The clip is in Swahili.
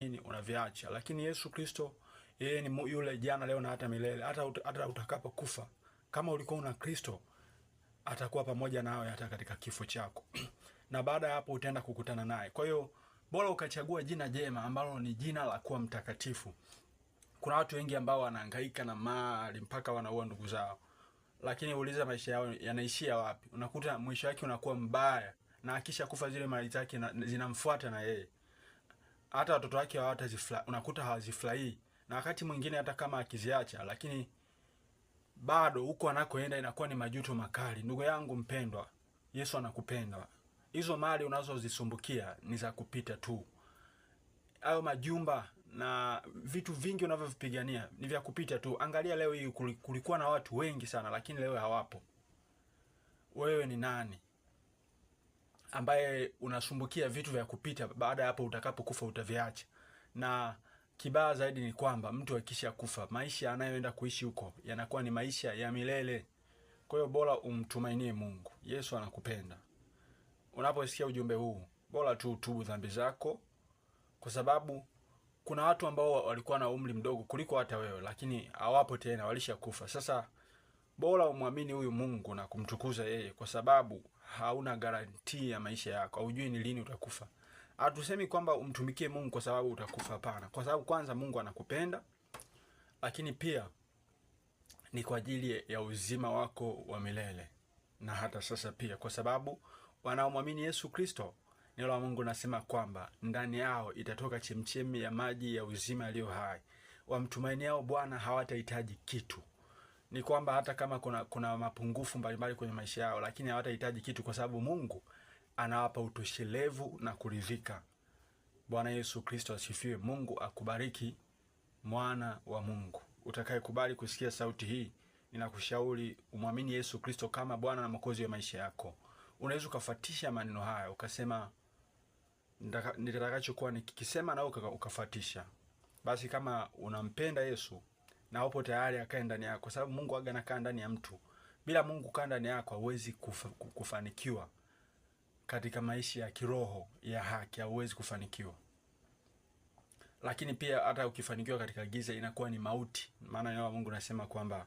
nini unaviacha, lakini Yesu Kristo yeye ni yule jana leo na hata milele. Hata, hata utakapo kufa, kama ulikuwa una Kristo atakuwa pamoja nawe hata katika kifo chako na baada ya hapo utaenda kukutana naye. Kwa hiyo bora ukachagua jina jema ambalo ni jina la kuwa mtakatifu. Kuna watu wengi ambao wanahangaika na mali mpaka wanaua ndugu zao, lakini uliza maisha yao yanaishia wapi? Unakuta mwisho wake unakuwa mbaya, na akisha kufa zile mali zake zinamfuata na yeye hata watoto wake hawatazifurahi, unakuta hawazifurahii, na wakati mwingine hata kama akiziacha, lakini bado huko anakoenda inakuwa ni majuto makali. Ndugu yangu mpendwa, Yesu anakupendwa Hizo mali unazozisumbukia ni za kupita tu. ayo majumba na vitu vingi unavyovipigania ni vya kupita tu. Angalia leo hii kulikuwa na watu wengi sana, lakini leo hawapo. Wewe ni nani? ambaye unasumbukia vitu vya kupita, baada ya hapo utakapokufa utaviacha. Na kibaya zaidi ni kwamba mtu akisha kufa, maisha anayoenda kuishi huko yanakuwa ni maisha ya milele. Kwa hiyo bora umtumainie Mungu. Yesu anakupenda. Unaposikia ujumbe huu, bora tu utubu dhambi zako, kwa sababu kuna watu ambao walikuwa na umri mdogo kuliko hata wewe, lakini hawapo tena, walishakufa sasa. Bora umwamini huyu Mungu na kumtukuza yeye, kwa sababu hauna garantii ya maisha yako, haujui ni lini utakufa. Hatusemi kwamba umtumikie Mungu kwa sababu utakufa, hapana, kwa sababu kwanza Mungu anakupenda, lakini pia ni kwa ajili ya uzima wako wa milele na hata sasa pia, kwa sababu wanaomwamini Yesu Kristo, neno la Mungu nasema kwamba ndani yao itatoka chemchemi ya maji ya uzima yaliyo hai. Wamtumainiao Bwana hawatahitaji kitu ni kwamba hata kama kuna, kuna mapungufu mbalimbali kwenye maisha yao, lakini hawatahitaji kitu, kwa sababu Mungu anawapa utoshelevu na kuridhika. Bwana Yesu Kristo asifiwe. Mungu akubariki, mwana wa Mungu. Utakayekubali kusikia sauti hii, ninakushauri umwamini Yesu Kristo kama Bwana na Mwokozi wa maisha yako. Unaweza ukafatisha maneno haya ukasema, nitakachokuwa nikikisema na ukafatisha. Basi kama unampenda Yesu na wapo tayari akae ndani yako, kwa sababu Mungu aga anakaa ndani ya mtu. Bila Mungu kaa ndani yako hauwezi kufa, kufanikiwa katika maisha ya kiroho ya haki, hauwezi kufanikiwa. Lakini pia hata ukifanikiwa katika giza inakuwa ni mauti, maana neno la Mungu nasema kwamba